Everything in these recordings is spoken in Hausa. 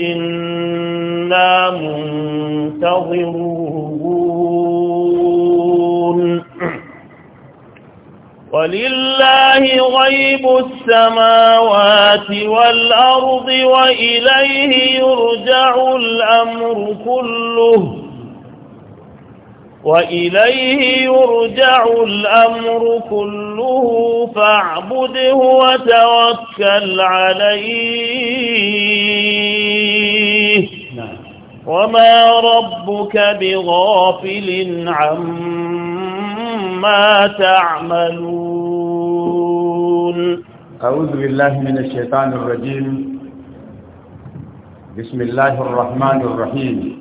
إنا منتظرون ولله غيب السماوات والأرض وإليه يرجع الأمر كله وإليه يرجع الأمر كله فاعبده وتوكل عليه وما ربك بغافل عما تعملون أعوذ بالله من الشيطان الرجيم بسم الله الرحمن الرحيم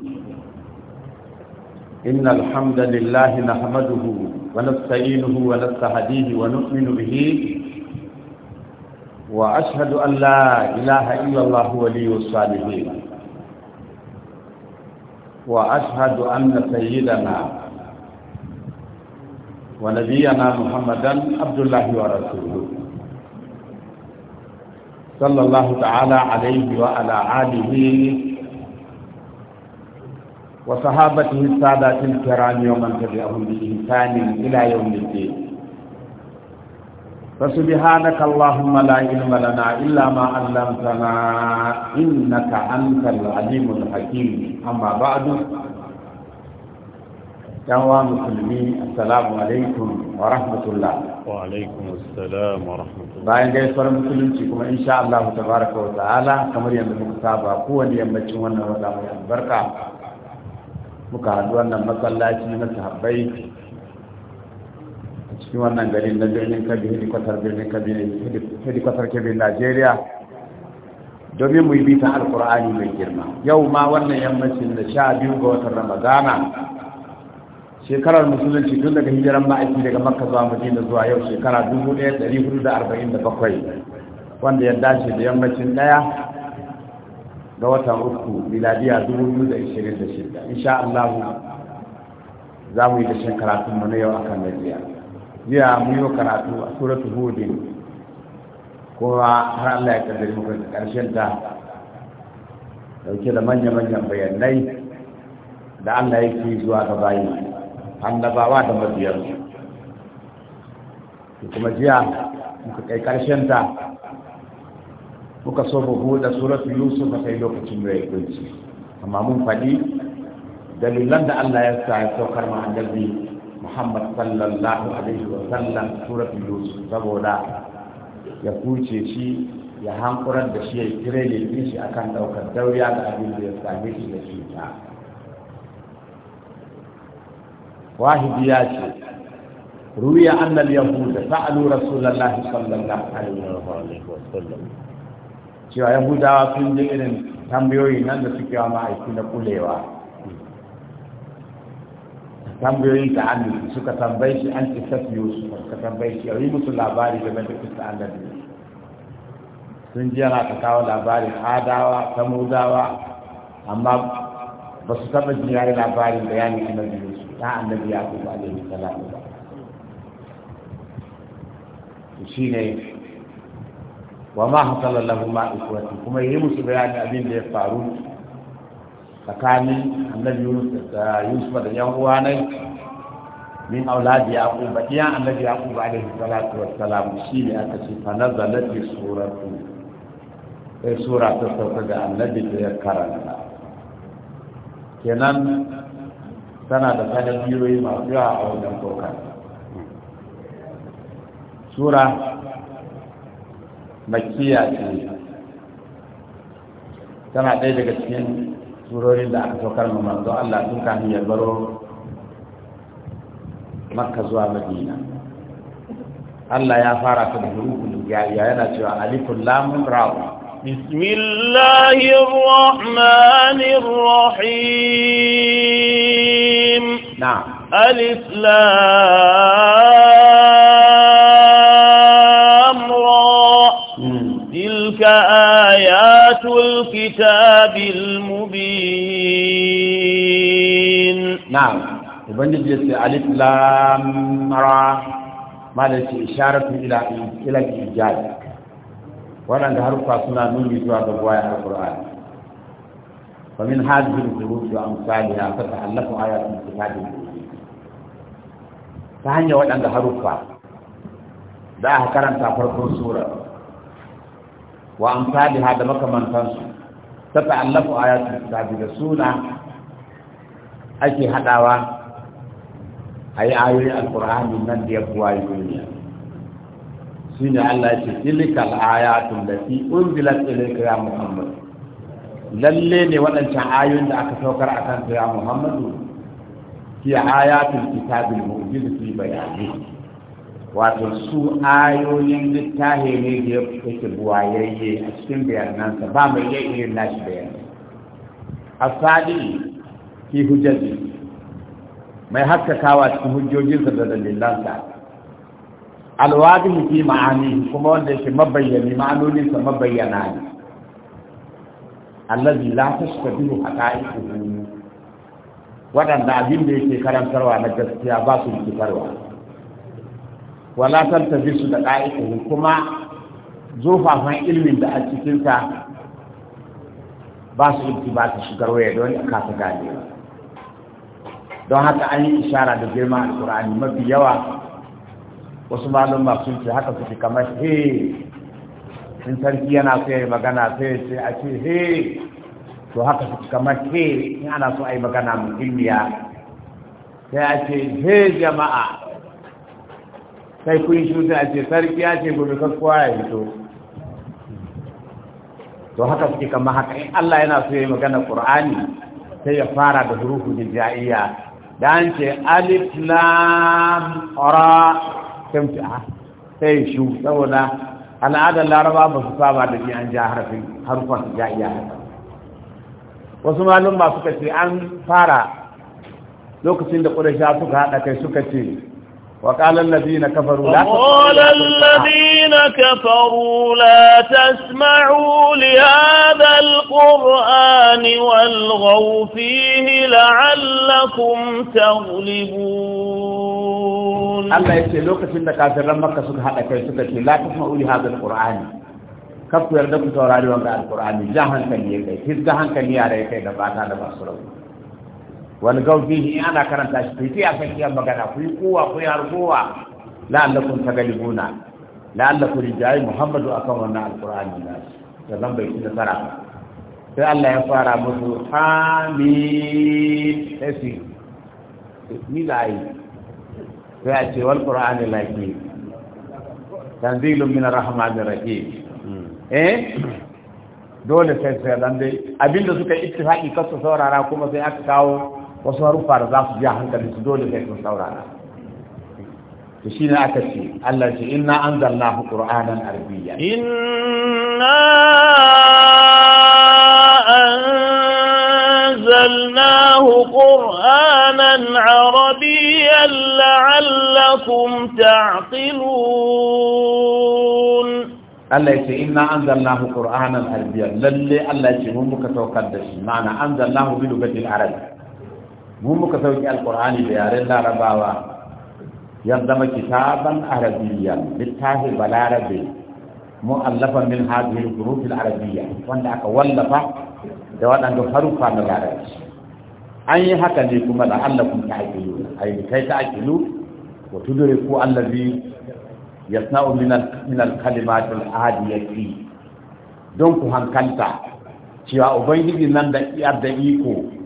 إن الحمد لله نحمده ونستعينه ونستهديه ونؤمن به وأشهد أن لا إله إلا الله ولي الصالحين وأشهد أن سيدنا ونبينا محمدا عبد الله ورسوله صلى الله تعالى عليه وعلى آله وصحابته السادات الكرام ومن تبعهم بإحسان إلى يوم الدين فسبحانك اللهم لا علم لنا إلا ما علمتنا إنك أنت العليم الحكيم أما بعد يا مسلمين السلام عليكم ورحمة الله وعليكم السلام ورحمة الله bayan gaisuwar musulunci kuma insha Allah tabaraka wa ta'ala kamar yadda muka saba kowane yammacin wannan wata mai albarka muka haɗu wannan masallaci na sahabbai a cikin wannan garin na birnin kabi hedikwatar birnin kabi hedikwatar kebe najeriya domin mu yi bitan alkur'ani mai girma yau ma wannan yammacin da sha biyu ga watan ramadana shekarar musulunci tun daga hijiran ma'aiki daga makka zuwa madina zuwa yau shekara 1447 wanda ya dace da yammacin daya ga watan uku miladiya 2026 insha Allah za mu yi da shan karatun mu na yau kan najiya jiya mu yi karatu a suratu hudin kuma har Allah ya kaddare muka karshen ta dauke da manya-manyan bayanai da Allah yake zuwa ga bayi annabawa da su kuma jiya muka kai karshen ta muka so mu da suratu yusuf sai lokacin da yake ci amma mun faɗi dalilan da Allah ya sa ya saukar ma annabi Muhammad sallallahu alaihi wa sallam suratu yusuf saboda ya kuce shi ya hankurar da shi ya kire ne shi akan daukar dauriya da abin da ya same shi da cuta wahidi ya ce ruwiya annal yahuda sa'alu rasulullahi sallallahu alaihi wa sallam cewa yahudawa sun ji irin tambayoyi nan da suke wa ma'aiki na kulewa tambayoyin ta annabi suka tambayi shi an isa su suka tambayi shi yau yi musu labari game da kisa annabi sun ji yana ta kawo labarin adawa samudawa amma ba su taɓa jin yayi labarin da yayin annabi su ta annabi ya kuma alaihi salatu ba shi ne wa ma hasala lahu ma ikwati kuma yayi musu bayani abin da ya faru tsakanin annabi Yunus da Yusuf da yan uwa ne min auladi yaqub ya annabi yaqub alaihi salatu wassalam shine aka ce fa nazalat bi suratu sai sura ta sauka ga annabi da ya karanta kenan tana da kada biyoyi masu yawa a wajen kokar sura makiya ce tana ɗaya daga cikin surorin da aka saukar ma manzo Allah tun kafin ya baro makka zuwa madina Allah ya fara ta da hurufin ya yana cewa alifun lamun rawa بسم الله الرحمن الرحيم نعم الإسلام تلك آيات الكتاب المبين نعم ubangiji yace alif lam ra malam ce isharatu ila ila ijaz wannan da harfa suna nuni zuwa ga waya alquran fa min hadhihi al-huruf wa amsalha fa ta'allaqu ayatun kitabil ta hanyar waɗanda haruffa da aka karanta farkon sura wa amsaliha da su ta ta'allafu ayatul kitabi da suna ake hadawa ayi ayoyin alqur'ani nan da yafi wayi duniya shine Allah yake ce tilkal ayatul lati unzilat ilayka ya muhammad lalle ne waɗancan ayoyin da aka saukar akan ya muhammadu fi ayatul kitabil mu'jizati fi bayani wato su ayoyin littafi ne da ya yake buwayayye a cikin bayanansa ba mai yi irin nashi A asali fi hujjaji mai haskakawa cikin hujjojinsa da dalilansa alwadi fi ma'ani kuma wanda yake mabayyani ma'anoninsa mabayyana ne allazi la tashtabihu haqa'iquhu wadanda abin da yake karantarwa na gaskiya ba su fitarwa wala bisu da qa'idihi kuma zofafan ilmin da a cikin ta ba su ibtibata shigar waya don ka ta gane don haka an yi ishara da girma alqur'ani mafi yawa wasu malum ba sun ce haka suke kamar he in sarki yana so ya yi magana sai ce a ce he to haka suke kamar he in ana so a yi magana mu ilmiya sai a ce he jama'a sai kun shuta a ce sarki ya ce gobe kakkowa ya fito to haka suke kama haka in Allah yana so ya yi magana Qur'ani sai ya fara da hurufu ja'iya da an ce alif lam ra a, sai ah, shu saboda al'adar laraba ba su saba da ni an ja harfin harfan ja'iya wasu malum ba suka ce an fara lokacin da ƙudasha suka haɗa kai suka ce وقال الذين كفروا لا وقال الذين كفروا لا تسمعوا لهذا القرآن والغوا فيه لعلكم تغلبون الله يسي لك دا كافران مكة سكها لكي سكت لا تسمعوا لهذا القرآن كفوا يردكم توراني وقال القرآن جهن كان يكي تزدهن كان ياريكي دبعتا دبع سروا wani gaufi in ana karanta shi kai a san kiyan magana ku yi kowa ku yi harkowa la'allakum tagalibuna la'allakun rijayi muhammadu akan wannan alkur'ani na da zan bai shi nasara sai Allah ya fara musu hamid esi ni sai a ce wal qur'ani laki tanzilun min rahman rahim eh dole sai sai dan dai abinda suka ittifaki kasu saurara kuma sai aka kawo وصاروا فارضات في جاهنك لتدول فيك مستورانا تشينا أكسي التي إنا أنزلناه قرآنا عربيا إنا أنزلناه قرآنا عربيا لعلكم تعقلون الله إنا أنزلناه قرآنا عربيا للي الله يتي ممك معنى أنزلناه بلغة العربية mu muka sauki alkur'ani da yaren larabawa ya zama kitaban arabiyya littafin balarabe mu'allafa min hadhihi al-huruf al-arabiyya wanda aka wallafa da waɗanda harufa na larabci an yi haka ne kuma da Allah kun ta aƙilu ai kai ta aƙilu wa tudriku allazi yasna'u min al-kalimat al-adiyati don ku hankalta cewa ubangiji nan da iya da iko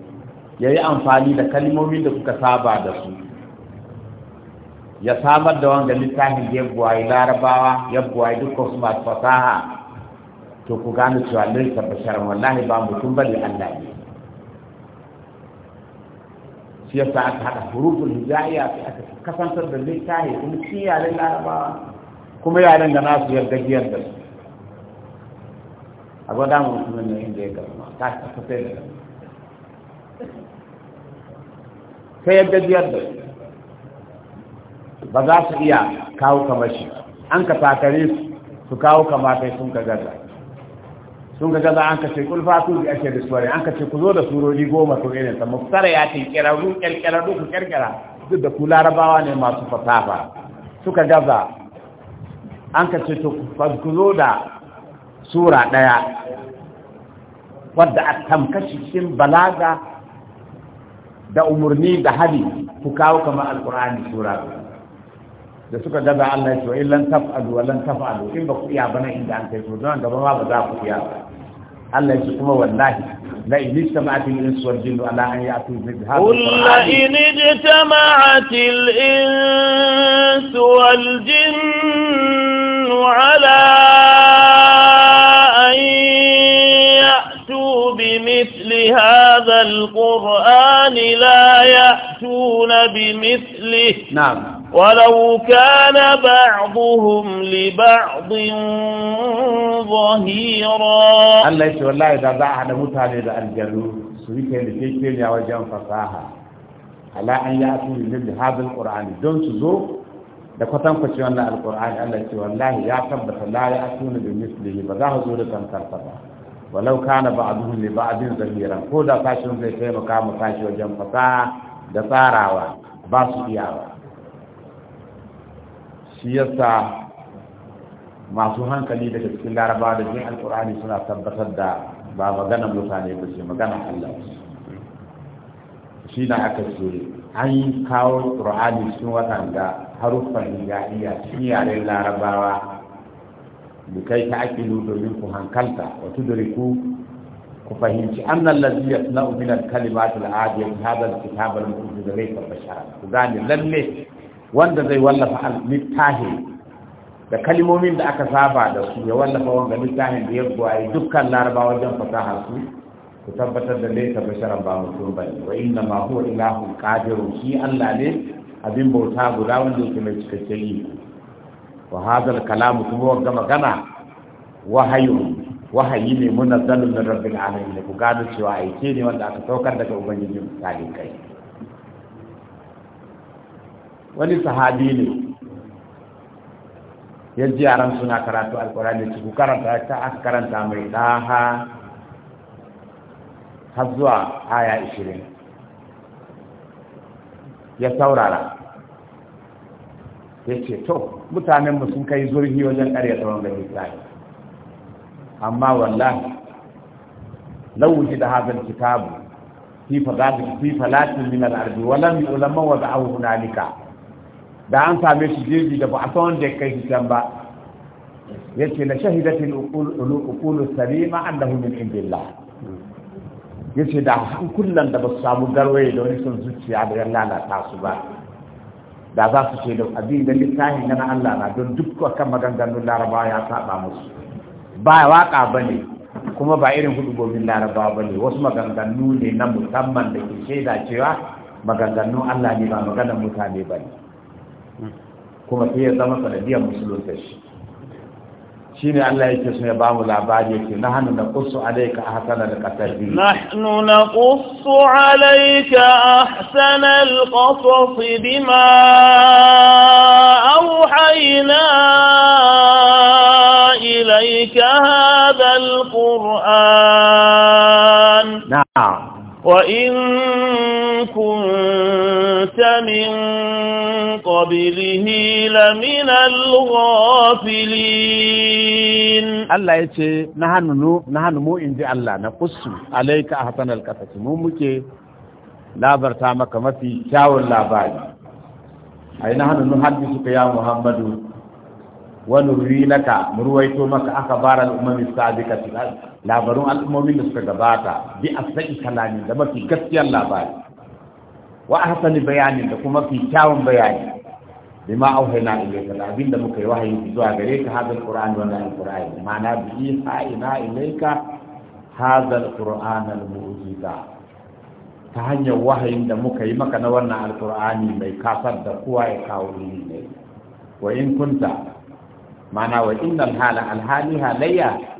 ya yi amfani da kalmomin da kuka saba da su ya samar da wanga littafin yabbuwa larabawa yabbuwa dukkan su masu fasaha to ku gane cewa lai tabbashar wallahi ba mutum ba ne Allah ne shi yasa aka haɗa hurufin hijaiya sai aka kasantar da littafi kuma shi yaren larabawa kuma yaren da nasu yarda giyar da su a gwada mutumin ne inda ya gama ta kasance da gama ta yadda biyar da ba za su iya kawo kamar shi an ka takare su su kawo kai sun ka gaza sun ka gaza an ka ce su bi ake da suwari an ka ce ku zo da surori goma ko irin ta muftara ya ce kirarru kirkirarru ku kirkira duk da ku larabawa ne masu fasafa suka gaza an ka ce ku zo da sura ɗaya wadda a tamkashi cikin balaga da umarni da hali ku kawo kamar alkur'ani sura da suka daga Allah ya in lan taf'alu wa lan taf'alu in ba ku iya bana inda an kai to don gaba ma ba za ku iya Allah ya ce kuma wallahi la in ijtama'at al-insu wal jinnu ala an ya'tu bi hadha al-qur'an in ijtama'at al-insu wal jinnu ala بمثل هذا القرآن لا يأتون بمثله نعم ولو كان بعضهم لبعض ظهيرا الله يسوى الله إذا ضاع هذا متعب إذا الجنوب سويك لكي يا وجه فصاحة على أن يأتوا بمثل هذا القرآن دون سزوك da kwatankwaci wannan alkur'ani Allah ce wallahi ya tabbata la ya asuna bi mislihi ba za su zo da tamkarta ba walau kana ba'duhum li ba'din zamiran ko da fashin zai taimaka mu fashi wajen fasaha da tsarawa ba su iyawa shi yasa masu hankali daga cikin laraba da jin alkur'ani suna tabbatar da ba magana mutane ba ce magana Allah shi na aka ce an yi kawo ƙur'ani cikin waɗanda haruffan iya cikin yaren larabawa kai ta ake aqilu domin ku hankalta wa tudriku ku fahimci annal ladhi yasna'u min al-kalimat al-adiyah hadha al-kitab al-mukhrijah laysa bashara ku gane lalle wanda zai wallafa al-littahi da kalimomin da aka saba da su ya wallafa wanga littafin da ya gwaye dukkan laraba wajen fasahar su ku tabbatar da laita basharan ba mutum ba ne wa inna ma huwa ilahun qadirun shi Allah ne abin bauta guda wanda yake mai cikakken iko wa hadal kalamu kuma wanga magana wahayu wahayi ne munazzalun min rabbil alamin ku gano cewa aike ne wanda aka saukar daga ubangijin tsalin kai wani sahabi ne ya ji yaran suna karatu alkurani ku karanta ta aka karanta mai daha zuwa aya 20 ya saurara ya ce to mutanenmu sun kai zurfi wajen ƙarya tsawon da isra'il amma wallahi lauji da hazar kitabu fi fadatin fi falatin min al-ardi wa lam ulama wa da'ahu hunalika da an same shi jirgi da ba a san da kai can ba yace la shahidatil uqul salima annahu min indillah yace da kullan da ba su samu garwaye da wani sun zuciya da yan lalata su ba da za su ce da abin da littafi na Allah na don duk akan maganganun laraba ya saba musu ba waka bane kuma ba irin hudu gobin laraba bane wasu maganganu ne na musamman da ke shaida cewa maganganun Allah ne ba maganar mutane ne. kuma sai ya zama sanadiyar musulunta shi شيني الله يكسني بام لا باريك نحن نقص عليك أحسن القصص نحن نقص عليك أحسن القصص بما أوحينا إليك هذا القرآن نعم وإن كنت من قبله لمن الغافلين الله يتي نحن نو نحن مو إن دي الله نقص عليك أحسن القصص مو مكي لا برتامك ما في شاو لا باي أي نحن نحدثك يا محمد ونروي لك مرويتو مك أخبار الأمم السابقة labarun al'ummomin da suka gabata bi sai kalami da mafi gaskiyar labari wa ahsani bayanin da kuma fi kyawun bayani na auhayna ka da abinda muka yi wahayi zuwa gare ka hadal qur'an wa nal qur'an ma'ana bi sa'ina ka hadal qur'an al mu'jiza ta hanyar wahayin da muka yi maka na wannan alqur'ani mai kafar da kowa ya kawo ni ne wa in kunta ma'ana wa innal hala al halayya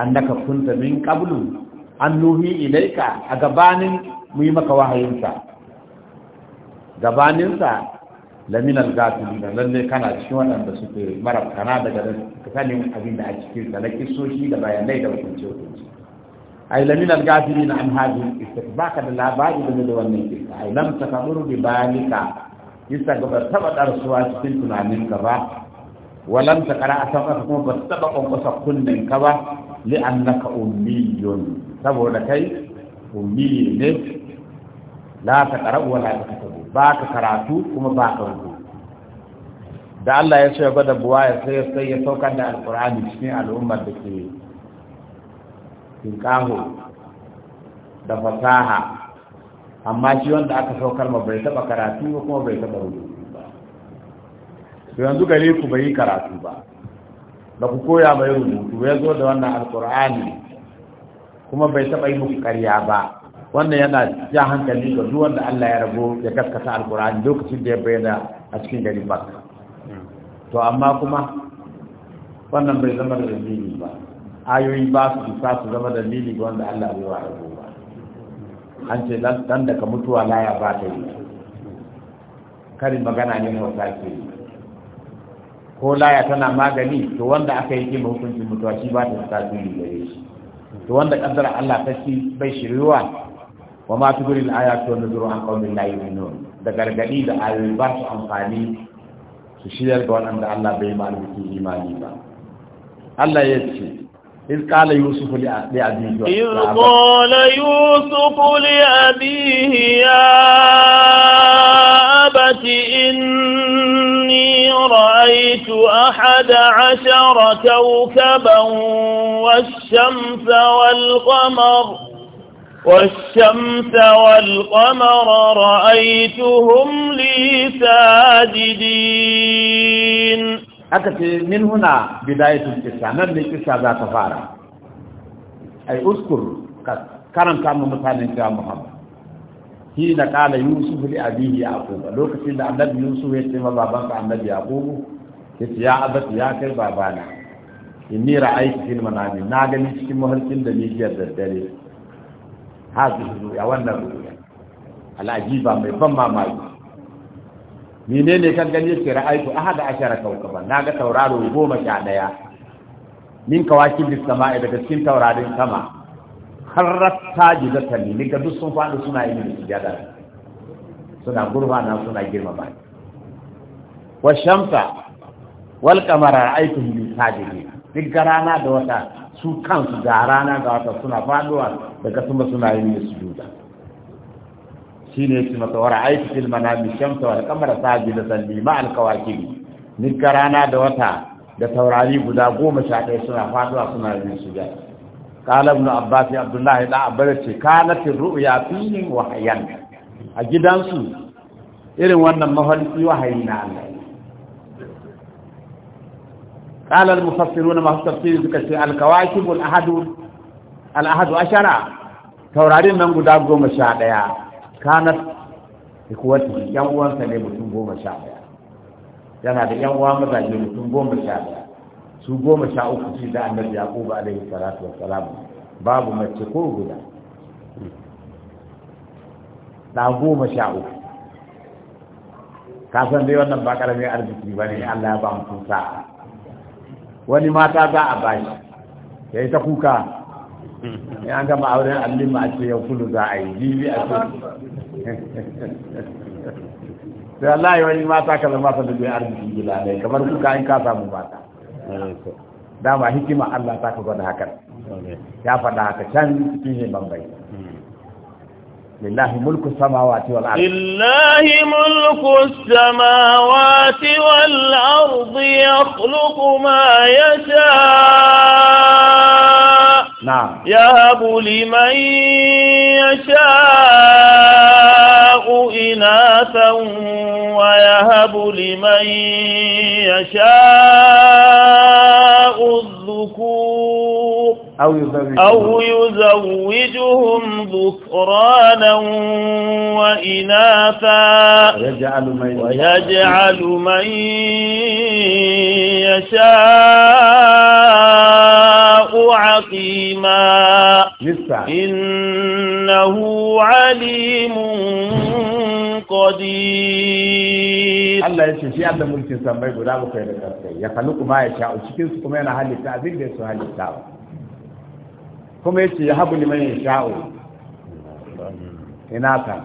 annaka kunta min qablu an nuhi ilaika a gabanin mu yi maka wahayinsa gabaninsa laminal gafili da lalle kana cikin waɗanda suke kana daga sanin abin da a cikin da na kisoshi da bayanai da hukunce hukunce ai laminal gafili na an hajji baka da labari game da wannan kisa ai lam takaburu bi balika kisa ga ba taba darsuwa cikin tunaninka ba walam takara a san kuma ba taba kwankwasa kunnen ka ba annaka ummiyun saboda kai ummi ne la ta karabu wala ta ta ba ka karatu kuma ba ka rubutu da Allah ya ya gwada buwa ya sai sai ya sauka da alkur'ani cikin al'ummar da ke tinkaho da fasaha amma shi wanda aka saukar ma bai taba karatu kuma bai taba rubutu ba to yanzu gare ku bai yi karatu ba ba ku koya mai rubutu ya zo da wannan alkur'ani kuma bai taɓa yi muku karya ba wannan yana ja hankali ga duk wanda Allah ya ragu ya gaskata alkur'ani lokacin da ya bayyana a cikin garin Makka to amma kuma wannan bai zama da dalili ba ayoyi ba su isa su zama dalili ga wanda Allah bai wa ba an ce dan daga mutuwa laya ba ta yi kari magana ne hausa ke yi ko laya tana magani to wanda aka yi kima hukuncin mutuwa shi ba ta tasiri gare shi to wanda kaddara Allah ta ci bai shiryuwa wa ma tuguril ayatu wa nuzuru an qawmin la yu'minun da gargadi da ayoyi ba su amfani su shiryar ga waɗanda Allah bai ma albuki imani ba Allah ya ce إذ قال يوسف لأبيه إذ قال يوسف لأبيه يا أبت إن رأيت أحد عشر كوكبا والشمس والقمر والشمس والقمر رأيتهم لي ساجدين أكت من هنا بداية القصة نبني القصة ذات فارة أي أذكر كرم كان مثلا يا محمد حين قال يوسف لأبيه يعقوب لو lokacin da يوسف yusuf الله ce maza يعقوب، yace ya abati ya kai babana inni ra'aytu fil manami na gani cikin mahalkin da ni jiya dare hazu ya wannan ruya al'ajiba mai ban mamaki menene kan gani yace ra'aytu ahada ashara kawkaban na ga tauraro goma sha daya min bis sama'i daga cikin taurarin sama harrat sajidata ni ga duk sun faɗi suna yi da sujada suna gurbana suna girmama wa shamsa wal qamara ra'aytum bi sajidin duk rana da wata su kansu da rana ga wata suna faduwa daga kuma suna yin sujuda shine yake maka wa ra'aytu fil manami shamsa wal qamara sajidatan sandi ma'al kawakib duk rana da wata da taurari guda goma sha ɗaya suna faduwa suna yin sujuda qala ibn abbas abdullah da abbas ce kanat ru'ya fihim wahyan a gidansu irin wannan mahalli wahayi na Allah قال المفسرون ما هو تفسير ذكر الكواكب الأحد الأحد عشرة taurarin nan guda goma sha ɗaya kanat yan uwansa ne mutum goma sha ɗaya yana da yan uwan mazaje mutum goma sha ɗaya su goma sha uku shi da annabi yaqub alaihi salatu wassalam babu mace ko guda goma sha uku ka san dai wannan ba karamin arziki ba ne Allah ya ba mu sa'a wani mata za a bayi ya yi ta kuka hmm. ya an gama auren allima a ce yau kulu za a yi jibi a ce sai Allah ya wani mata ka zama sa arzikin arziki gida ne kamar kuka in ka samu mata dama hikima Allah ta ka gwada hakan ya faɗa haka can cikin himan bai hmm. لله ملك السماوات والأرض لله ملك السماوات والأرض يخلق ما يشاء نعم يهب لمن يشاء إناثا ويهب لمن يشاء الذكور أو يزوجهم, أو يزوجهم ذكرانا وإناثا ويجعل من, ويجعل من يشاء عقيما إنه عليم قدير الله يشفي عبد الملك سمي بلا يا يخلق ما يشاء وشكل سكمين أهل التعبير يسوى أهل التعبير kuma yace ya habu liman sha'o? ina ta.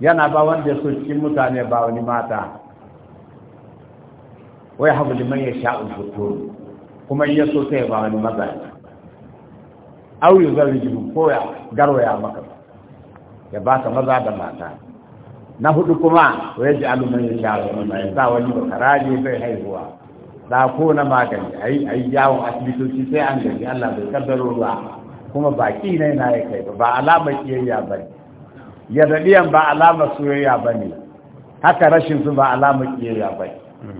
yana ba wanda ya so cikin mutane ba wani mata wai habu liman sha'o zuto kuma ya so sai ba wani maza au yuzawwiju ko ya garwaya maka ya baka maza da mata na hudu kuma wai ji aluman sha'o. ya sa wani karaje bai haihuwa ko na magani ai ai yawon asibitoci sai an gaji Allah bai kaddaro ba kuma baki ne na ya kai ba alama kiyayya ba ne yadadiyan ba alama soyayya ba ne haka rashin su ba alama kiyayya ba ne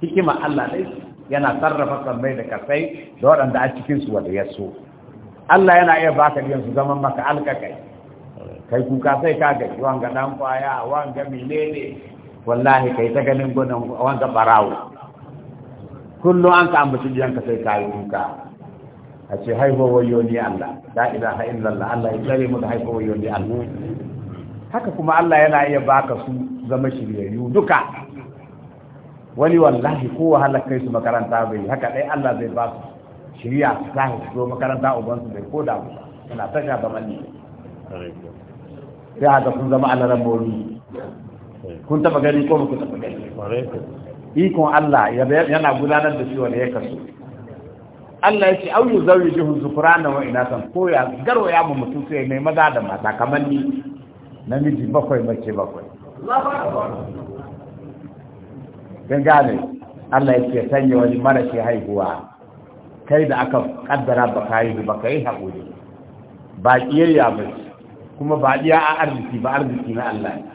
hikima Allah ne yana sarrafa sammai da kasai da waɗanda a cikin su wanda ya so Allah yana iya baka biyan su zaman maka alkakai kai kuka sai ka gaji wanga dan kwaya wanga milele wallahi kai ta ganin gudun wanga barawo kullum an ka ambaci jiyanka sai ka yi duka? a ce haifo wayo ni Allah ila ha illa Allah ya tsare mu da haifo wayo ni Allah haka kuma Allah yana iya baka su zama shiryayyu duka wani wallahi ko wahala kai su makaranta bai haka dai Allah zai ba su shirya su tahi su zo makaranta uban su bai koda mu suna ta shafa manni sai haka kun zama alaran mori kun taba gani ko ba ku taba gani ikon Allah yana gudanar da shi wani ya kasu. Allah ya ce au yi zauri jihun zukurana wa inatan san koya garo ya mu mutum sai mai maza da mata kamar ni namiji bakwai mace bakwai gangane Allah ya ce sanya wani mara haihuwa kai da aka kaddara ba ka haihu ba ka yi haƙuri ba ƙiyayya ba kuma ba ɗiya a arziki ba arziki na Allah ne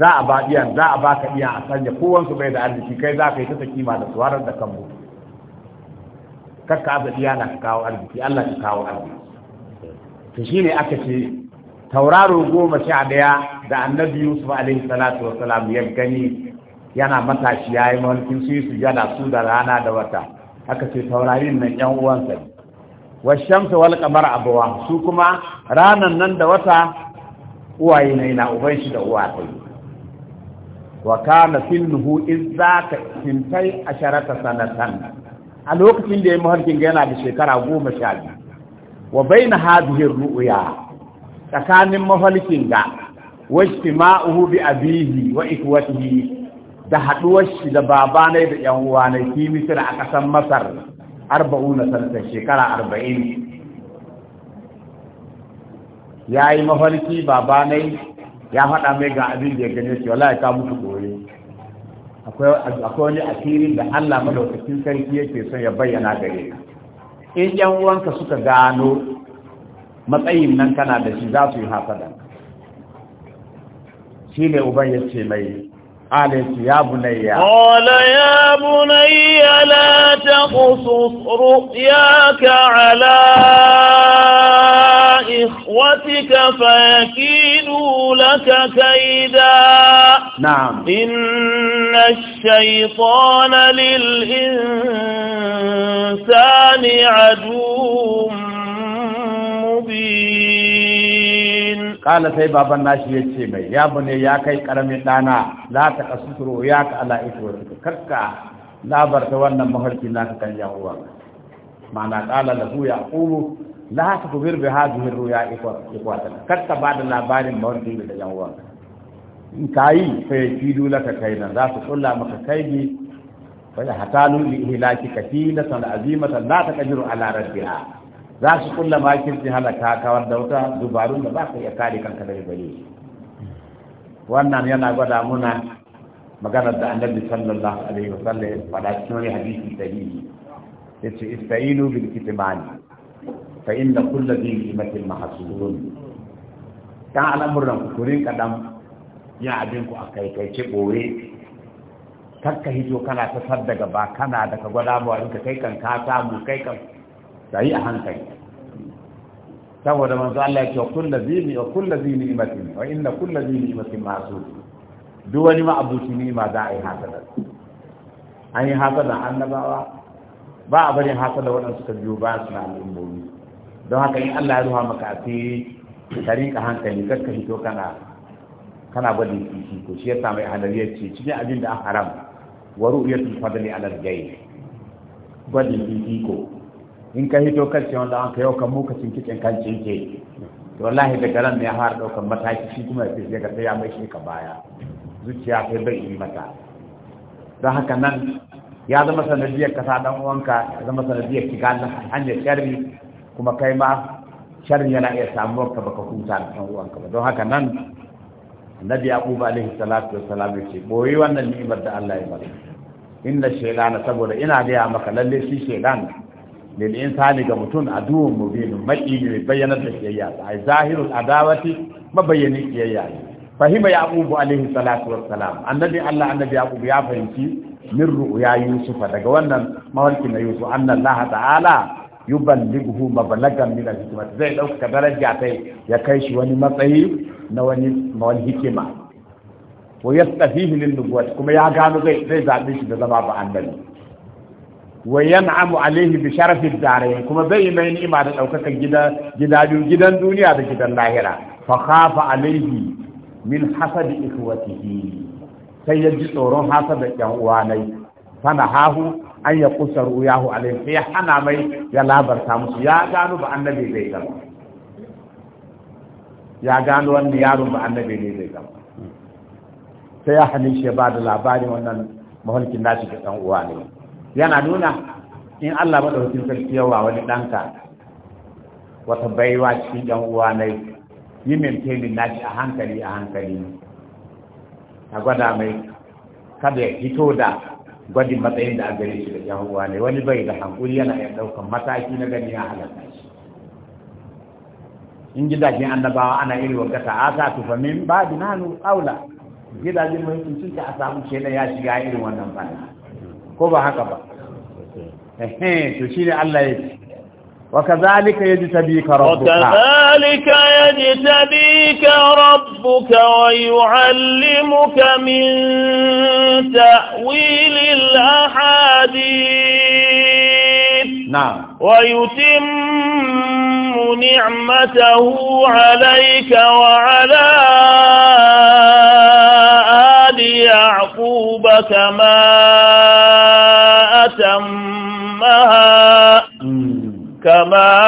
za a ba iyan za a baka iya a sanya kowansu bai da arziki kai za ka yi ta kima da tsawarar da kan mutu kakka aza iya na ka kawo arziki Allah ka kawo arziki to ne aka ce tauraro goma sha daya da annabi Yusuf alaihi salatu wa salam ya gani yana matashi yi mulkin su su jada su da rana da wata aka ce taurarin nan yan uwansa ne washamsu wal kamar abuwa su kuma ranan nan da wata uwaye ne na uban shi da uwa ta yi wa kana nuhu izzaka sintai asharata sanatan a lokacin da ya maharkin ga yana da shekara goma sha biyu wa baina hadhihi ru'ya tsakanin mafalkin ga wajtima'uhu bi abihi wa ikwatihi da haduwar shi da babanai da yan uwa ne fi misira a kasan masar 40 sanatan shekara 40 yayi baba babanai ya haɗa mai ga abin da ya gani shi wallahi ka mutu gore akwai wani asirin da Allah madaukakin sarki yake son ya bayyana gare ka in yan uwanka suka gano matsayin nan kana da shi za su yi hasadan shi ne uban ya ce mai قالت يا بني قال يا بني لا تقصص رؤياك على إخوتك فيكيدوا لك كيدا نعم إن الشيطان للإنسان عدو kala sai baban nashi ya ce mai ya bane ya kai karamin dana la ta kasuturo ya ka ala ikwatika karka labarta wannan maharki na kan yan uwa ma'ana kala lahu ya qulu la ta kubir bi hadhihi ruya ikwatana karka ba da labarin maharki da yan uwa in kayi fa yafidu laka kainan za su kulla maka bi fa hatalu li ihlaki katilatan azimatan la kajiru ala rabbiha za su kulla makirci halaka kawar da wuta dubarun da ba ka iya kare kanka daga gare wannan yana gwada muna maganar da annabi sallallahu alaihi wa sallam ya fada cikin wani hadisi sahihi yace istainu bil kitmani fa inna kullu dhi qimatin mahsulun Ta al'amuran ku kurin kadam ya abin ku a kai ce boye takka hito kana ta sadda gaba kana da gwada mu ka kai kan ka samu kai kan ta a hankali saboda manzo Allah ya ce kullu zini wa kullu zini ni'matin wa inna kullu zini ni'matin ma'sud duk wani ma abuci ni'ima za a yi hasada an yi hasada annabawa ba a bari hasada waɗanda suka biyo ba su na al'ummomi don haka in Allah ya ruha maka asiri ka rinka hankali kar hito kana kana gwada kishi ko shi ya samu halaliyar ce cikin abin da haram wa ru'yatul fadli ala al-ghayr gwada kishi ko in ka hito karshen wanda an ka yau kan mukacin kicin kan cinke to wallahi daga ran ne ya daukan mataki shi kuma ya ga sai ya mai shi ka baya zuciya kai bai yi mata don haka nan ya zama sanadiyar kasa dan uwanka ya zama sanadiyar ki gane hanyar sharri kuma kai ma sharri yana iya samuwar ka baka huta da dan uwanka ba don haka nan annabi Abubuwa alaihi salatu Wa Salam, ya ce boye wannan ni'imar da Allah ya bada inna shaytana saboda ina gaya maka lalle shi shaytana lil ni ga mutum a aduwwun mubinun maki ne bayyana da kiyayya zahiru a adawati mabayyanin kiyayya ne fahima yaqubu alaihi salatu wassalam annabi Allah annabi yaqubu ya fahimci min ru'ya yusuf daga wannan mawarki na yusuf anna Allah ta'ala yuballighu mablagan min al-hikmat zai dauka daraja kai ya kai shi wani matsayi na wani mawal hikima wa yastafihi lin nubuwat kuma ya gano zai zaɓe shi da zama ba annabi wa yan'amu alaihi bi sharafi darain kuma zai yi mai ni'ima da ɗaukakan gida gida biyu gidan duniya da gidan lahira fa khafa alaihi min hasad ikhwatihi sai ya ji tsoron hasad da uwa nai. fana hahu an ya kusa ruyahu alaihi sai hana mai ya labarta musu ya gano ba annabi zai gaba ya gano wannan yaron ba annabi ne zai gaba sai ya hanishe ya ba da labarin wannan mahalkin nashi ga ɗan uwa ne yana nuna in Allah maɗaukin sarki yawa wani ɗanka wata baiwa cikin ɗan uwa na yi maintainin nashi a hankali a hankali a gwada mai kada ya fito da gwadin matsayin da a gare shi da ɗan uwa ne wani bai da hankuri yana iya ɗaukan mataki na gani a halatta shi in gidajen annabawa ana iri wa gata a sa tufa min ba dinanu aula gidajen sun ta a samu kenan ya shiga irin wannan fannin ko ba haka ba eh وكذلك يجتبيك ربك وكذلك يجتبيك ربك ويعلمك من تأويل الأحاديث نعم ويتم نعمته عليك وعلى ليعقوب كما أتمها كما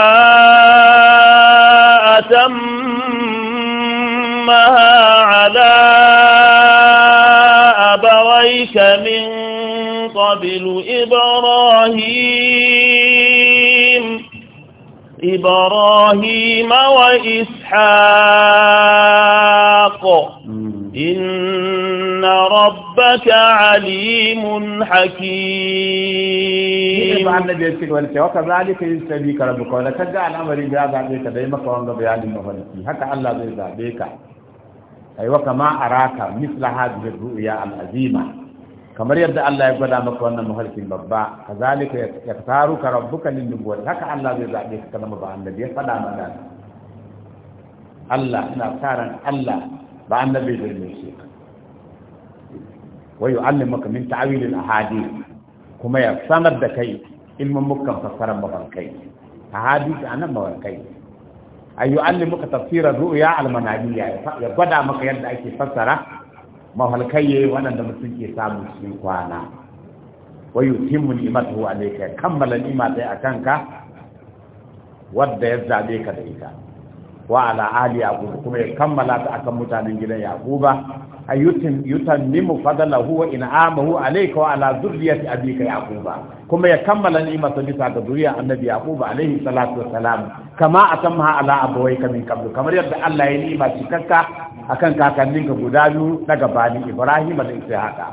أتمها على أبويك من قبل إبراهيم إبراهيم وإسحاق إن ربك عليم حكيم ان الله عليه وسلم أيوة، اراك مثل هذه الرؤيا العظيمه كما يبدا الله يقول لك مهلك البابا كذلك يختارك ربك للنبوه حتى الله يزاديك كما بان النبي صلى الله نعم، عليه وسلم الله نختار الله بان النبي صلى wa yu'allimuka min ta'wil al-ahadith kuma ya sanar da kai ilmin mukan fassarar mabankai ahadith anan mabankai ay yu'allimuka tafsir ar-ru'ya al manabiyya ya gwada maka yadda ake fassara mafarkai waɗanda mutum ke samu cikin kwana wa yutimmu ni'matahu alayka kammala ni'ma dai kanka wadda ya zabe ka da ita wa ala ali abu kuma ya kammala ta akan mutanen gidan yaquba ayutim yutammimu fadalahu wa in'amahu alayka wa ala zurriyyati abika yaquba kuma ya kammala ni'imata bisa ga zuriya annabi yaquba alayhi salatu wa wassalam kama atamma ala abawayka min qablu kamar yadda Allah ya ni'ima cikakka akan kakanninka guda biyu na gabani Ibrahim da Ishaqa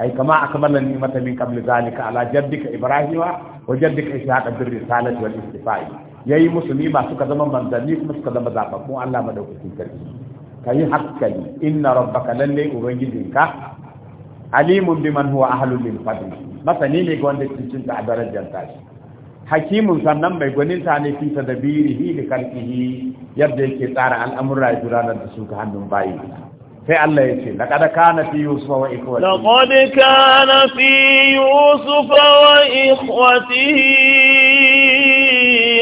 ai kama akmala ni'imata min qabl zalika ala jaddika Ibrahim wa jaddika Ishaqa bir risalati wal istifai yayi musulmi ba suka zama manzanni kuma suka zama zababbu Allah madaukakin sarki ka yi hankali inna rabbaka lalle ka alimun biman huwa ahlul lil fadl masani ne gwanda cikin ta darajar ta hakimun sannan mai gwanin ta ne da tadbirihi da kalkihi yadda yake tsara al'amura ya gudanar da su hannun bayi sai Allah ya ce laqad kana fi yusufa wa ikhwatihi laqad kana fi yusufa wa ikhwatihi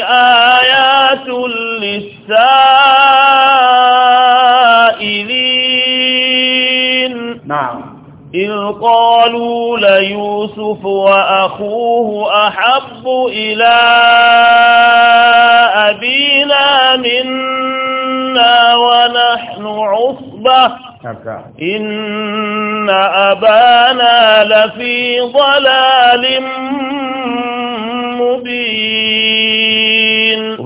آيات للسائلين نعم إذ قالوا ليوسف وأخوه أحب إلى أبينا منا ونحن عصبة إن أبانا لفي ضلال مبين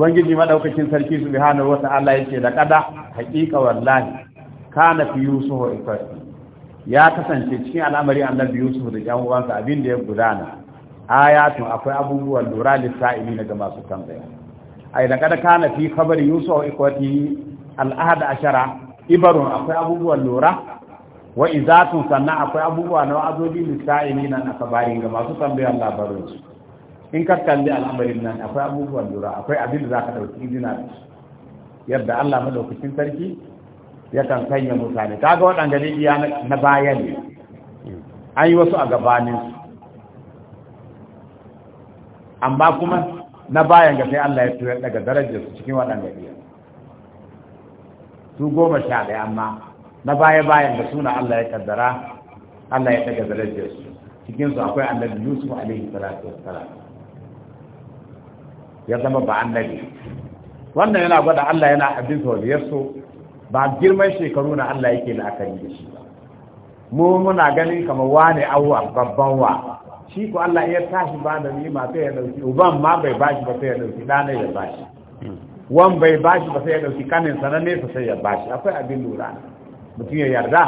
ubangiji madaukakin sarki subhanahu ta'ala yake da kada haqiqa wallahi kana fi yusuf ikrati ya kasance cikin al'amari annabi yusuf da yan uwansa abin da ya gudana ayatun akwai abubuwan lura lissa'ili daga masu tambaya ai da kada kana fi khabari yusuf ikwati al'ahad ashara ibarun akwai abubuwan lura wa izatun sannan akwai abubuwa na wa'azobi lissa'ili na kabarin ga masu tambayar labarin su in ka kalli al'amarin nan akwai abubuwan lura akwai abin da za ka ɗauki izina da shi yadda Allah madaukakin sarki ya kan sanya mutane kaga waɗanda ne iya na baya ne an yi wasu a gabanin su amma kuma na bayan ga sai Allah ya tura daga darajar su cikin waɗanda iya su goma sha ɗaya amma na baya bayan da suna Allah ya kaddara Allah ya daga darajar su cikin su akwai annabi Yusuf alaihi salatu wassalam ya zama ba annabi wannan yana gwada Allah yana abin tawabiyar so ba girman shekaru na Allah yake la'akari da shi mu muna ganin kamar wane awwa babban wa shi ko Allah ya tashi ba da ni ma sai ya dauki uban ma bai bashi ba sai ya dauki dana ya bashi wan bai bashi ba sai ya dauki kanin sa ne sai ya bashi akwai abin lura mutum ya yarda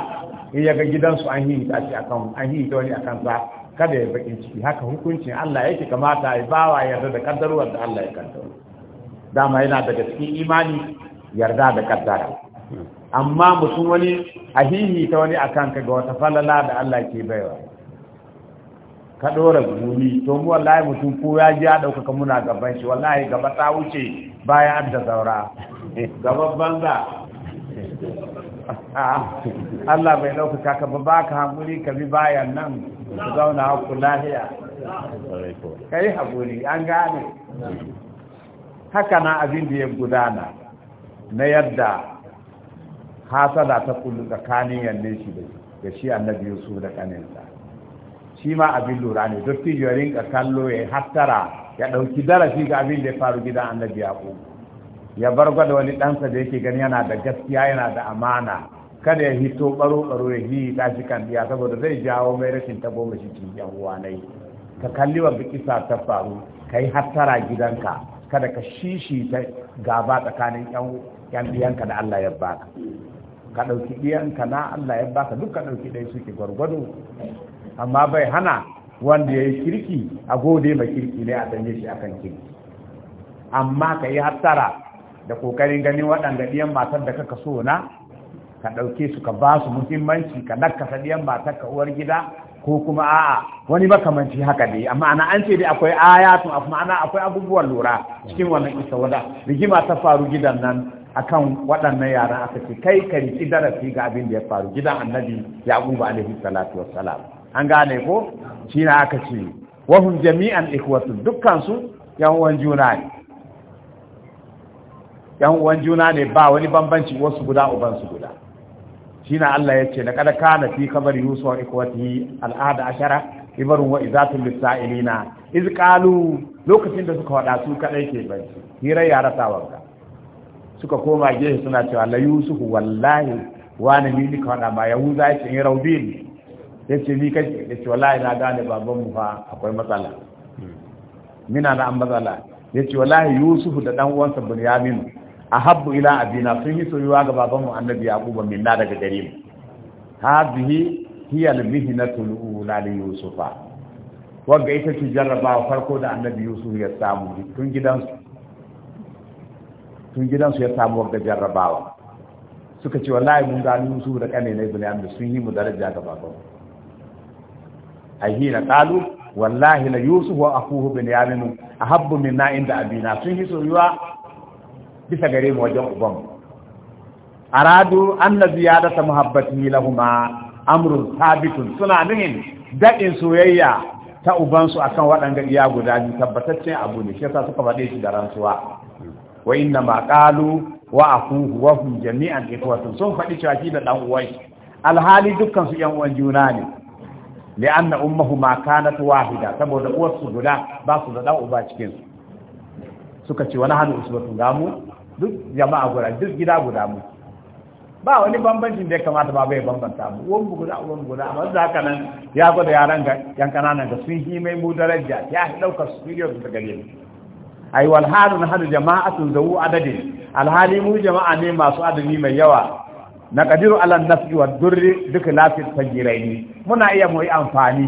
in ya ga gidansu an yi ta akan an yi ta wani akan sa kada ya bakin ciki haka hukuncin Allah yake kamata ya bawa yarda da kaddarwar da Allah ya kaddaro dama yana daga cikin imani yarda da kaddara amma mutum wani ahihi ta wani akan ka ga wata falala da Allah ke baiwa ka dora gumi to mu wallahi mutum ko ya ji ya dauka muna gaban shi wallahi gaba ta wuce bayan da zaura gaban banza Allah bai dauka ka ba ka hankuri ka bi bayan nan ku zauna haku lahiya ka yi haƙuri an gane haka na abin da ya gudana na yadda hasada ta kullu tsakanin yanne shi da shi annabi yusuf da kaninsa shi ma abin lura ne duk tijorin ka kallo ya hattara ya ɗauki darasi ga abin da ya faru gidan annabi yaƙo ya bar gwada wani ɗansa da yake gani yana da gaskiya yana da amana kada ya hito baro baro ya yi tashi kan biya saboda zai jawo mai rashin tabo mashi cikin yan ka kalli wa kisa ta faru kai hattara gidanka kada ka shishi ta gaba tsakanin yan biyanka da Allah ya baka ka ɗauki ɗiyanka na Allah ya baka duk ka ɗauki ɗaya suke gwargwado amma bai hana wanda ya yi kirki a gode ma kirki ne a sanye shi akan kirki amma ka yi hattara da kokarin ganin waɗanda biyan matar da kaka so na ka ɗauke su ka ba su muhimmanci ka nakasa ɗiyan matar ka uwar gida ko kuma a'a wani makamanci haka dai amma ana an ce dai akwai ayatu ma'ana akwai abubuwan lura cikin wannan isa wanda. rigima ta faru gidan nan akan waɗannan yaran aka ce kai ka riki darasi ga abin da ya faru gidan annabi yaquba alaihi salatu wassalam an gane ko shi na aka ce wa hum jami'an ikhwatu dukkan su yan uwan juna ne yan uwan juna ne ba wani bambanci wasu guda uban su guda shine Allah yace la kada kana fi kabar yusuf wa ikwatihi al'ada ashara ibarun wa izatul lisailina iz qalu lokacin da suka wada su kadai ke bai hira ya rasa wanka. suka koma gehe suna cewa la yusuf wallahi wani ni ka wada ba yahuza yace ni raudin yace ni kace yace wallahi na gane baban mu fa akwai matsala hmm. mina na an matsala yace wallahi yusuf da dan uwansa bunyamin ahabbu ila abina sun yi soyuwa ga babanmu annabi yaquba minna daga gare mu hadhihi hiya al-mihnatu al-ula li yusufa wanda ita ce jarrabawa farko da annabi yusuf ya samu tun gidansu tun gidansu ya samu wanda jarrabawa suka ce wallahi mun gani yusuf da kane na ibn amr sun yi mu daraja ga babanmu na qalu wallahi la yusuf wa akhuhu bin yaminu ahabbu minna inda abina sun yi soyuwa bisa gare mu wajen uban aradu anna ziyadata muhabbati lahuma amrun sabitun suna nihin daɗin soyayya ta ubansu akan waɗanda iya guda biyu tabbataccen abu ne shi yasa suka faɗe shi da rantsuwa wa inna ma qalu wa akuhu wa hum jami'an ikhwatun sun faɗi cewa shi da dan uwai alhali dukkan su yan uwan juna ne li'anna ummahuma kanat wahida saboda uwarsu guda ba su da dan uba cikin suka ce wani hannu usbatun gamu duk jama'a guda duk gida guda mu ba wani bambancin da ya kamata ba bai bambanta mu wani guda wani guda amma da haka nan ya gwada yaran ga yan kananan da sun yi mai mu daraja ya dauka video da gare ni ai wal halu nahnu jama'atun zawu adadin alhali mu jama'a ne masu adadi mai yawa na kadiru ala nafsi wa durri duk lafi tajiraini muna iya mu yi amfani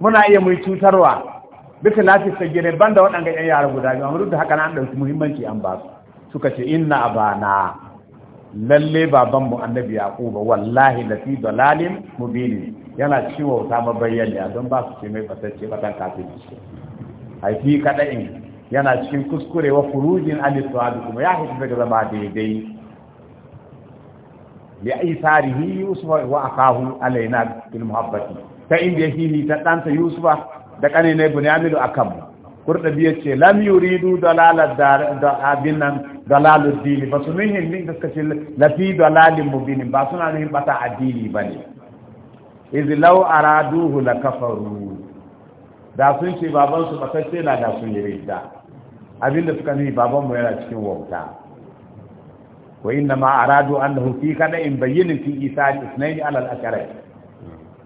muna iya mu yi cutarwa duka lafi tajirai banda waɗanda yan yara guda biyu amma duk da haka nan an muhimmanci an ba su suka ce inna abana lalle babanmu annabi yaquba wallahi lati dalalin mubin yana ciwo ta mabayyana don ba su ce mai fatacce batan kafin haifi kaɗa'in yana cikin kuskure wa furujin al-su'ad kuma ya haifi daga zama daidai ya tarihi yusuf wa akahu alaina bil muhabbati ta inda yake ta ɗanta Yusuf! da kanene bunyamin a mu kurɗabi ya ce lam yuridu dalalar da abin nan dini ba su nuhin min da suka lafi dalalin mubinin ba suna nuhin bata addini ba ne izi lau araduhu la kafaru da sun ce baban su batacce na da sun yi ridda abin da suka nuhi baban mu yana cikin wauta wa inna ma aradu annahu fi kada in bayyana fi isa isnaini alal akara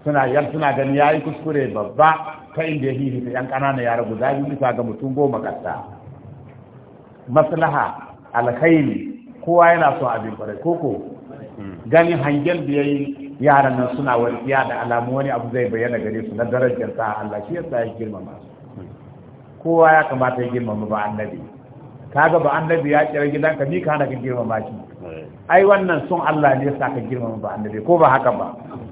suna yar suna gani ya yi kuskure babba ta inda ya hihita yan ƙanana yara guda biyu bisa ga mutum goma ƙasa maslaha alkhairi kowa yana so abin kwarai koko ganin hangen da ya yi yaran nan suna warkiya da alamu wani abu zai bayyana gare su na darajar sa Allah shi yasa ya girmama su kowa ya kamata ya girmama ba annabi kaga ba annabi ya kira gidanka ni ka na girmama shi ai wannan son Allah ne yasa ka girmama ba annabi ko ba haka ba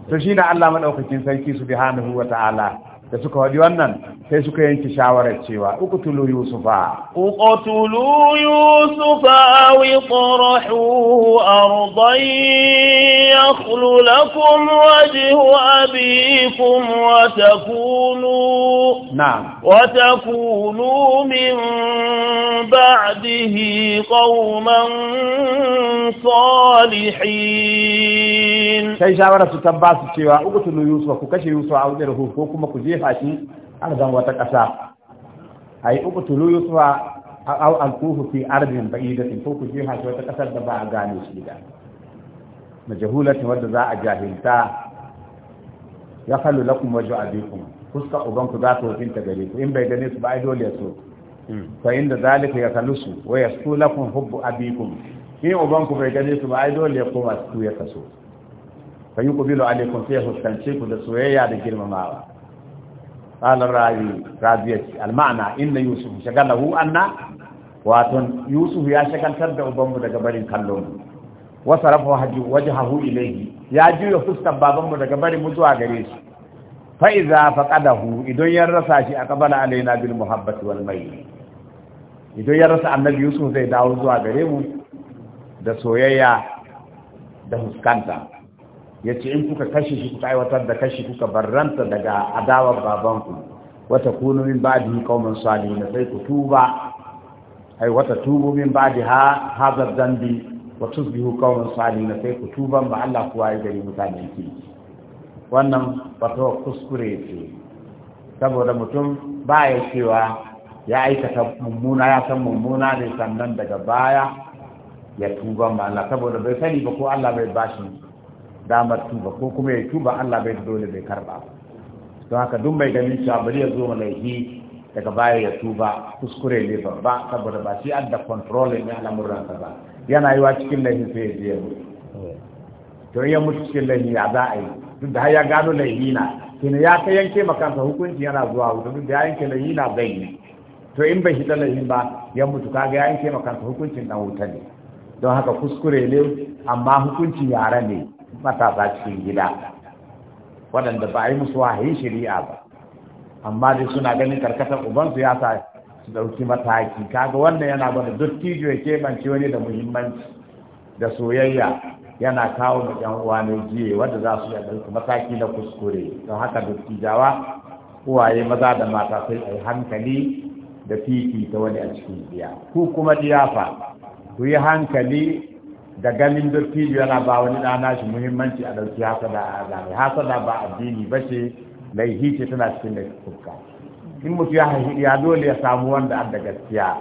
to shine Allah madaukakin sarki subhanahu wata'ala da suka wadi wannan sai suka yanke shawarar cewa tulu yusufa tulu yusufa aw itrahuhu ardan yakhlu lakum wajhu abikum wa takunu na'am wa takunu min ba'dihi qauman salihin sai shawarar su tabbasu cewa uku tulu yusufa ku kashe yusufa aw itrahuhu ko kuma ku je jefa shi arzan wata ƙasa a yi uku tulu yusufa au alkuhu fi ardin ba'idatin ko ku jefa shi wata ƙasar da ba a gane shi da majahulatin wadda za a jahilta ya fallu lakum wajhu abikum fuska ubanku za ta gari. gare ku in bai gane su ba ai dole ya so fa inda zalika ya su, wa yasku lakum hubbu abikum in ubanku bai gane su ba ai dole ya koma su ya kaso fa yuqbilu alaykum fi fuskanci ku da soyayya da girmamawa قال الراوي رابيتي المعنى إن يوسف شغله أن واتن يوسف يا شغل تبدأ بمو daga barin kallon wasarafa haji wajhahu ilayhi ya juya fuskar baban mu daga barin mutuwa gare shi fa iza faqadahu idan ya rasa shi aqbala alaina bil muhabbati wal idan ya rasa annabi yusuf zai dawo zuwa gare mu da soyayya da fuskanta. ya ce in kuka kashe shi kuka aiwatar da kashe kuka barranta daga adawar babanku wata kunu min ba'di sali na sai ku tuba ai wata tubu min ba'di ha hazar zambi wa tusbihu sali na sai ku tuba ba Allah ku ya gari mutane ki wannan wato kuskure ce saboda mutum ba ya cewa ya aikata mummuna ya san mummuna ne sannan daga baya ya tuba ba. Allah saboda bai sani ba ko Allah bai bashi damar tuba ko kuma ya tuba Allah bai dole bai karba don haka duk mai ganin cewa bari ya zo laifi daga baya ya tuba kuskure ne babba saboda ba shi adda control ne al'amuran sa ba yana yiwa cikin laifi sai ya je ya to ya mutu cikin laifi ya za a yi duk da ya gano laifi na kina ya ta yanke makansa hukunci yana zuwa wuta duk da ya yanke laifi na zai yi to in bai hita laifi ba ya mutu kaga ya yanke makansa hukuncin dan wuta ne don haka kuskure ne amma hukuncin yara ne matasa cikin gida waɗanda ba a yi musu wahayi shari'a ba amma dai suna ganin karkatar ubansu ya sa su ɗauki mataki kaga wannan yana gwada dottijo ya keɓance wani da muhimmanci da soyayya yana kawo ma ƴan uwa ne jiye wanda za su ɗauki mataki na kuskure don haka dottijawa uwaye maza da mata sai a yi hankali da ta wani a cikin biya ku kuma diyafa ku yi hankali da ganin dattijo yana ba wani ɗana shi muhimmanci a ɗauki hasada a azami hasada ba addini ba ce laihi ce tana cikin da fuska in mutu ya haihi ya dole ya samu wanda an da gaskiya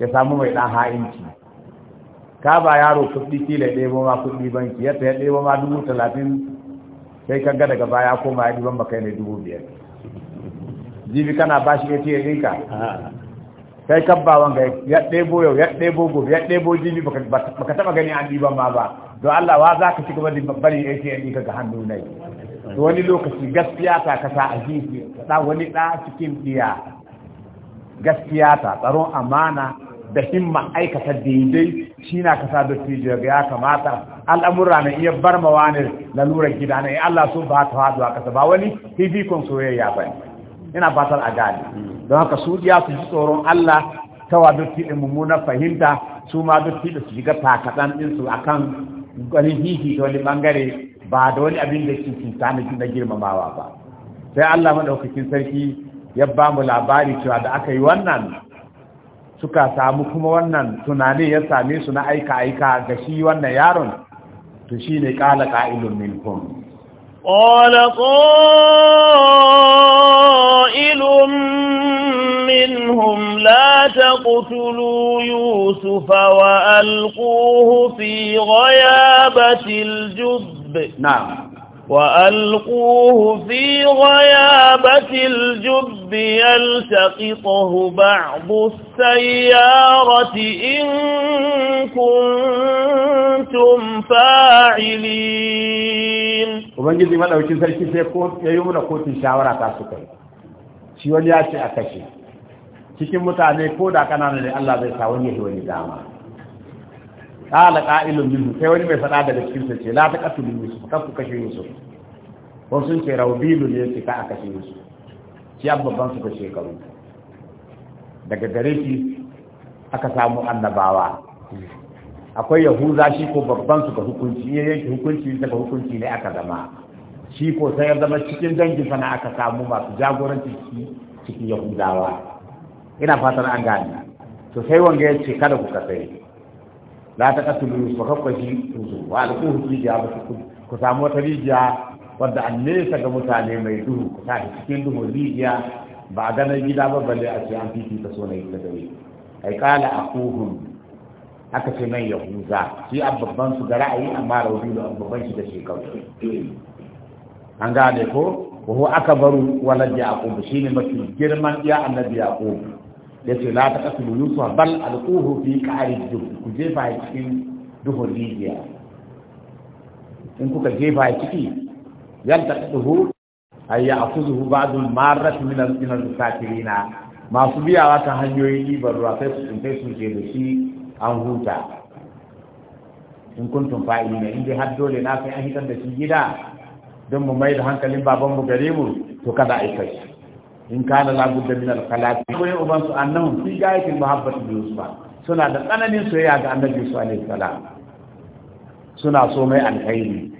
ya samu mai ɗan ha'inci ka ba yaro kuɗi kila ya ɗebo ma kuɗi banki yadda ya ɗebo ma dubu talatin sai ka ga daga baya koma ya ɗiban ba kai ne dubu biyar jibi kana ba shi ya ce ya ɗinka kai kabbawan kai ya debo yau ya debo gobe ya ɗebo jibi baka taba gani an diban ma ba to Allah wa za ka ci gaba da bari ATM ka ga hannu nai wani lokaci gaskiya ta kasa a jiki ta wani da cikin ɗiya gaskiya ta tsaron amana da himma aikata daidai shi na kasa da ga ya kamata al'amura na iya barmawa mawanin lalurar gida na Allah sun ba ta hadu a kasa ba wani fifikon soyayya ba ne ina fatar a gane don haka su ya su ji tsoron Allah ta wa dutti da mummuna fahimta su ma dutti da su shiga takaɗan ɗinsu a kan hihi ta wani bangare ba da wani abin da cikin tani na girmamawa ba sai Allah maɗaukakin sarki ya ba mu labari cewa da aka yi wannan suka samu kuma wannan tunanin ya same su na aika-aika ga shi wannan yaron to shi ne ƙala ƙa'ilun minkum قال قائل منهم لا تقتلوا يوسف وألقوه في غيابة الجب نعم وألقوه في غيابة الجب يلتقطه بعض السيارة إن كنتم فاعلين وبنجد ما لو كنت سيكون يومنا كنت شاورا تاسكي شوالي أشي أكشي cikin mutane ko da kanana ne Allah zai sa wani kala qa'ilun minhu sai wani mai fada daga cikin sa ce la taqatul yusuf ka ku kashe yusuf ko sun ce rawbilu ne ce ka a kashe yusuf shi babban su ka shekaru daga gare shi aka samu annabawa akwai yahuza shi ko babban su ka hukunci ya yanke hukunci daga hukunci ne aka zama shi ko sai ya zama cikin dangin sana aka samu masu jagoranci cikin yahudawa ina fatan an gane to sai wanga ya ce kada ku kasai la ta katulu ba kakwa shi tuzo wa alƙuhu rijiya ba ku samu wata rijiya wadda an nesa ga mutane mai duhu ku sa cikin duhu rijiya ba a ganar gida ba balle a ce an ta so na yi ta dare ai kala kuhun aka ce nan yahuza shi ababban su da ra'ayi amma rauni da ababban shi da shekaru an gane ko wa huwa akbaru walad yaqub shine mafi girman ya annabi yaqub ya ce la ta kasu yusufa bal alƙuhu fi ku jefa cikin duhun rijiya in kuka jefa ciki yalta duhu a ya'khuzuhu ba'd al-marrat na masu biyawa ta hanyoyi ibar ruwa sai su tuntai su da shi an huta in kuntum ne in dai har dole na kai an hitar da shi gida don mu mai da hankalin babanmu gare mu to kada a yi kashi in kana la budda min al-khalaq wurin uban su annahum fi gayatil mahabbati bi yusuf suna da tsananin soyayya ga annabi su alaihi salam suna so mai alkhairi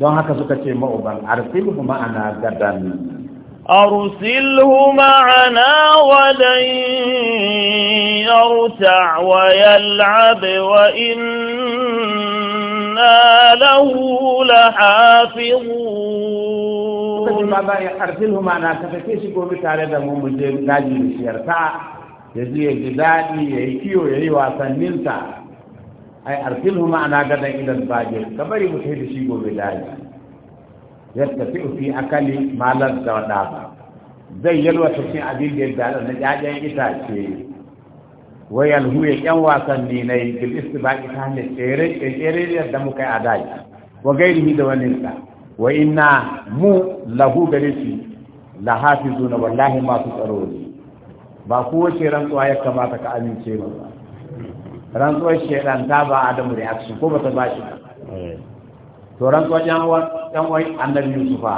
don haka suka ce ma uban arsilhu ma'ana gadan أرسله معنا ولن يرتع ويلعب وإنا له لحافظون ba ya arsilhu ma na ka take shi gobe tare da mu mu je daji da shiyarta ya ji ya ji daɗi ya yi kiyo ya yi wasanninsa ai arsilhu ma na gadan idan bajir ka bari mu sai da shi gobe daji yadda fi fi akali malar da wada ba zai ta cin abin da ya da na ƴaƴan itace wayan huye yan wasanni ne yi bil istibaqi ta ne tsere tsere da muka yi a daji wa gairihi da wannan wa inna mu lahu gare shi la hafizuna wallahi masu tsaro ne ba kowace rantsuwa ya kamata ka amince ba rantsuwar shaidan ta ba adamu reaction ko ba ta ba shi to rantsuwar yan wai annabi yusufa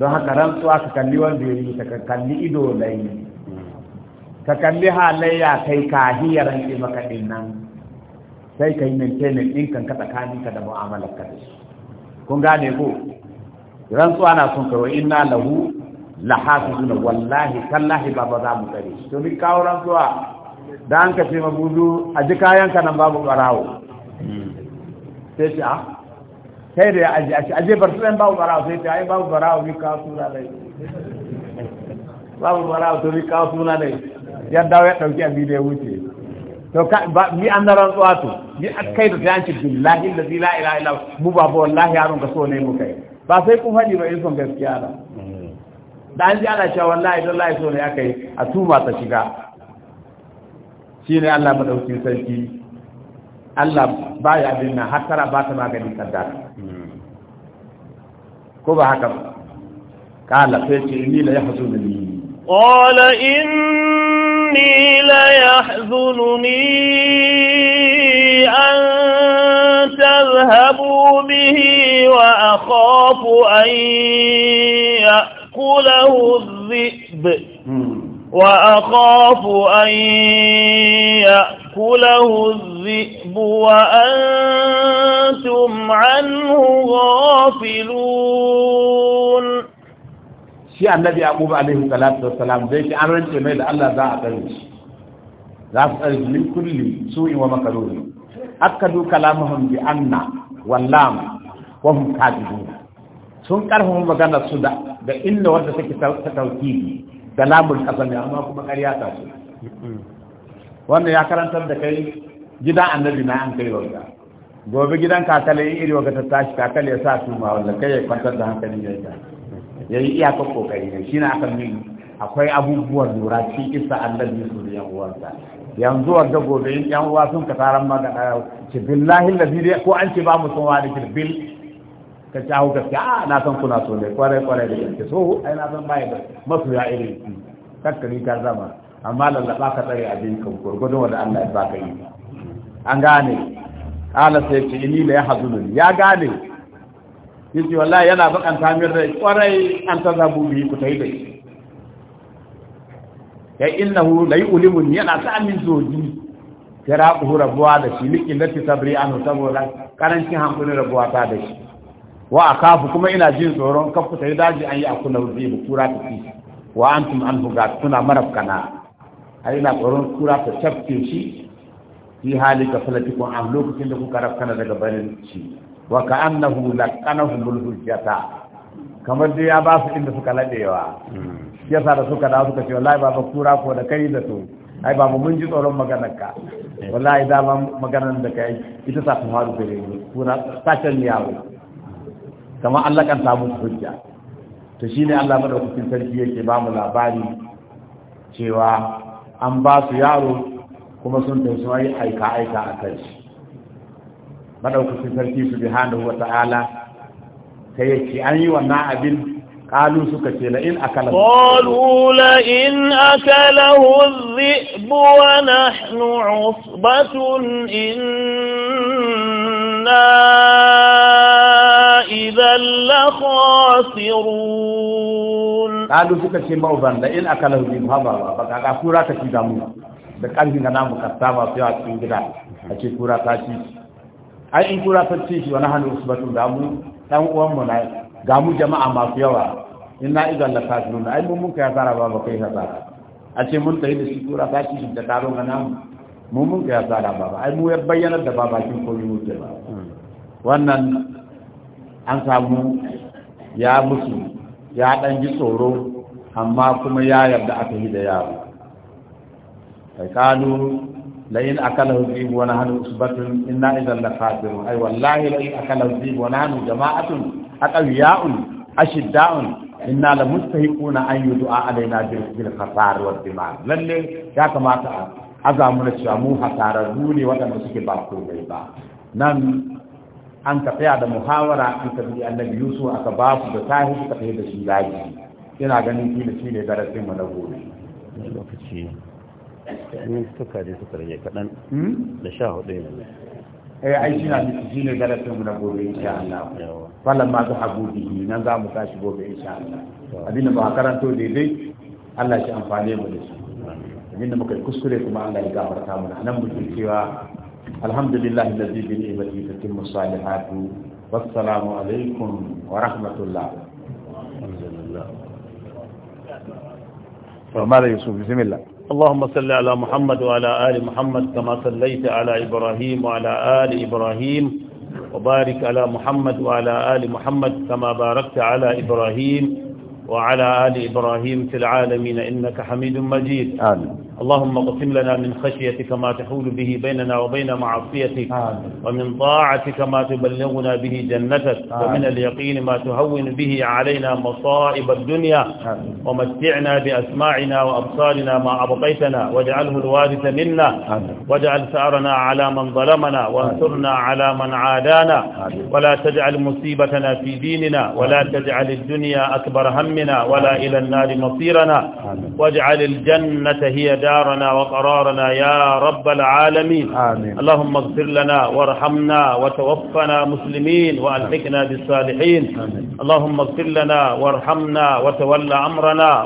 don haka rantsuwa ka kalli wanda ya ka kalli ido lai ka kalli halayya kai kahiyar rantsi maka din nan sai ka yi maintenance ɗinkan ka tsakaninka da mu'amalar ka da shi kun gane ko rantsuwa na sun karo inna lahu lahafizuna wallahi tallahi baba za mu tsare to ni kawo rantsuwa da an ka ce mabudu a ji kayan ka nan babu barawo sai ce a sai da ya aji a ce aje bar tsayin babu barawo sai ce ai babu barawo ni kawo suna dai babu barawo to ni kawo suna dai ya dawo ya dauki abin da ya wuce to ka bi an da rantsuwa to ni akai da yanci billahi allazi la ilaha illa mu ba ba wallahi yaron ka so ne mu kai ba sai kun hadi ba in son gaskiya da da ji ala cha wallahi lai so ne akai a tuma ta shiga shine Allah madaukin sarki Allah baya ya dinna har tara ba ta maganin kaddara ko ba haka ba kala sai ce ni la yahzununi qala inni la yahzunni اذهبوا به وأخاف أن يأكله الذئب وأخاف أن يأكله الذئب وأنتم عنه غافلون شيء النبي يعقوب عليه الصلاة والسلام زي شيء أنا رجل ميل الله ذا أتريش ذا أتريش من كل سوء ومكروه أكدوا كلامهم بأن wallam wa hum sun karfafa magana su da da inda wanda take ta tauhidi da lamun kasami amma kuma ƙarya ta su wannan ya karantar da kai gidan annabi na an kai wanda gobe gidan kakale in iri wata tashi kakale ya sa ma wanda kai ya kwantar da hankali ya ta ya yi iyakar kokari ne shi na akan min akwai abubuwan lura cikin isa annabi su da yan uwansa yanzu wanda gobe in yan uwa sun ka taron gaɗa eh, ce billahi dai ko an ce ba mu sun wani bil ka ci hau gaske a ah, na san kuna so ne kwarai kwarai da gaske so ai na san baya da ya irin ki kakkari ka zama amma lallaba ka tsare jin kan gurgudun wanda Allah ya baka yi an gane ala sai ce ini la yahzununi ya gane yace wallahi yana bakan tamir da kwarai an zabu bi ku da shi ya hu la ni yana sa min zoji kira ku rabuwa da shi liki lati sabri an saboda karancin hankuli rabuwa ta da shi wa akafu kuma ina jin tsoron kafu sai daji an yi akuna mu kura ta fi wa antum an buga kuna marafkana ai na tsoron kura ta tafke shi fi hali ka ko an lokacin da kuka rafkana daga barin shi wa ka annahu laqanahu bil hujjata kamar dai ya ba su inda suka ladewa hmm. yasa da suka da suka ce wallahi ba kura ko da kai da to ai baba mun ji tsoron maganar ka wallahi dama maganar da kai ita sa ta faru gare ni kuna sashen yawo kamar Allah kan samu hujja to shine Allah madaukakin sarki yake ba mu labari cewa an ba su yaro kuma sun tafi yi aika aika a kai shi madaukakin sarki subhanahu wata'ala sai yake an yi wannan abin قالوا سكتي لئن أكله قالوا لئن أكله الذئب ونحن عصبة إنا إذا لخاسرون قالوا سكتي موضا لئن أكله الذئب هذا بقى كورا كتيدا مو da ƙarfin ga namu kattama su yawa cikin gida a ce kura ta ci ai in kura ta ci wani hannu da jama'a masu yawa inna idan la kafirun ai mun kai ya ba ba kai asara a ce mun tayi da sura tura ta ci da taro nan mun mun kai asara ba ba ai mu ya bayyana da ba kin koyi mu ba wannan an samu ya musu ya dan ji tsoro amma kuma ya yarda aka yi da yaro kai kalu la in akala dhib wa nahnu usbatun inna idan la kafirun ai wallahi la in akala dhib wa nahnu jama'atun aqawiya'un ashidda'un inna la mustahiquna an yud'a alaina bil khasar wal dimar lalle ya kamata a azamu na cewa mu hasara ne waɗanda suke ba bai ba nan an tafiya da muhawara an tafi bi annabi yusuf aka ba su da tahi suka tafi da shi daji ina ganin kila shi ne darasin mu na gobe lokaci ne suka je suka rage kadan hmm? da sha hudu ne eh ai shi na shi ne darasin mu na gobe insha Allah wallan ma su habu bihi nan za mu tashi gobe insha Allah abinda ba karanto daidai Allah shi amfane mu da shi abinda muka kuskure kuma Allah ya gafarta mu nan mu cewa alhamdulillah alladhi bi ni'matihi tatimmu salihatu wassalamu alaikum wa rahmatullah alhamdulillah فماذا يوسف بسم الله اللهم صل على محمد وعلى آل محمد كما صليت على إبراهيم وعلى آل إبراهيم وبارك على محمد وعلى آل محمد كما باركت على إبراهيم وعلى آل إبراهيم في العالمين إنك حميد مجيد آمين اللهم اقسم لنا من خشيتك ما تحول به بيننا وبين معصيتك ومن طاعتك ما تبلغنا به جنتك ومن اليقين ما تهون به علينا مصائب الدنيا ومتعنا بأسماعنا وأبصارنا ما أبقيتنا واجعله الوارث منا واجعل ثأرنا على من ظلمنا وانصرنا على من عادانا ولا تجعل مصيبتنا في ديننا ولا تجعل الدنيا أكبر همنا ولا إلى النار مصيرنا واجعل الجنة هي ودارنا وقرارنا يا رب العالمين آمين. اللهم اغفر لنا وارحمنا وتوفنا مسلمين وألحقنا بالصالحين آمين. اللهم اغفر لنا وارحمنا وتولى أمرنا